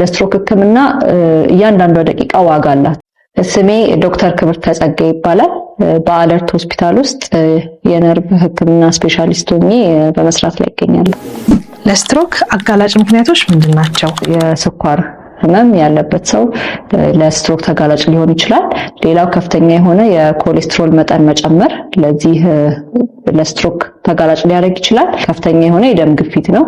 ለስትሮክ ህክምና እያንዳንዷ ደቂቃ ዋጋ አላት። ስሜ ዶክተር ክብር ተጸጋ ይባላል። በአለርት ሆስፒታል ውስጥ የነርቭ ህክምና ስፔሻሊስት ሆኜ በመስራት ላይ ይገኛለሁ። ለስትሮክ አጋላጭ ምክንያቶች ምንድን ናቸው? የስኳር ህመም ያለበት ሰው ለስትሮክ ተጋላጭ ሊሆን ይችላል። ሌላው ከፍተኛ የሆነ የኮሌስትሮል መጠን መጨመር ለዚህ ለስትሮክ ተጋላጭ ሊያደርግ ይችላል። ከፍተኛ የሆነ የደም ግፊት ነው።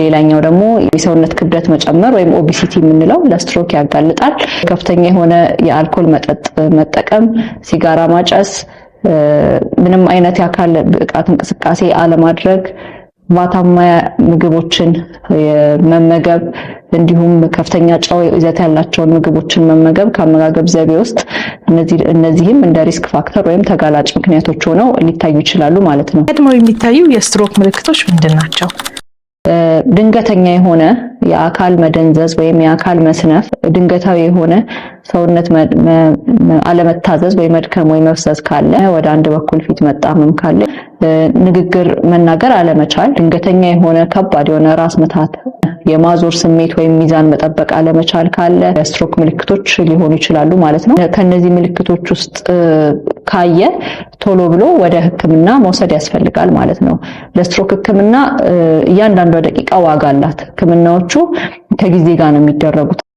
ሌላኛው ደግሞ የሰውነት ክብደት መጨመር ወይም ኦቢሲቲ የምንለው ለስትሮክ ያጋልጣል። ከፍተኛ የሆነ የአልኮል መጠጥ መጠቀም፣ ሲጋራ ማጨስ፣ ምንም አይነት የአካል ብቃት እንቅስቃሴ አለማድረግ ቅባታማ ምግቦችን መመገብ እንዲሁም ከፍተኛ ጨው ይዘት ያላቸውን ምግቦችን መመገብ ከአመጋገብ ዘይቤ ውስጥ እነዚህም እንደ ሪስክ ፋክተር ወይም ተጋላጭ ምክንያቶች ሆነው ሊታዩ ይችላሉ ማለት ነው። ቀድመው የሚታዩ የስትሮክ ምልክቶች ምንድን ናቸው? ድንገተኛ የሆነ የአካል መደንዘዝ ወይም የአካል መስነፍ፣ ድንገታዊ የሆነ ሰውነት አለመታዘዝ ወይ መድከም ወይ መፍሰስ ካለ፣ ወደ አንድ በኩል ፊት መጣመም ካለ፣ ንግግር መናገር አለመቻል፣ ድንገተኛ የሆነ ከባድ የሆነ ራስ ምታት የማዞር ስሜት ወይም ሚዛን መጠበቅ አለመቻል ካለ የስትሮክ ምልክቶች ሊሆኑ ይችላሉ ማለት ነው። ከነዚህ ምልክቶች ውስጥ ካየ ቶሎ ብሎ ወደ ሕክምና መውሰድ ያስፈልጋል ማለት ነው። ለስትሮክ ሕክምና እያንዳንዷ ደቂቃ ዋጋ አላት። ሕክምናዎቹ ከጊዜ ጋር ነው የሚደረጉት።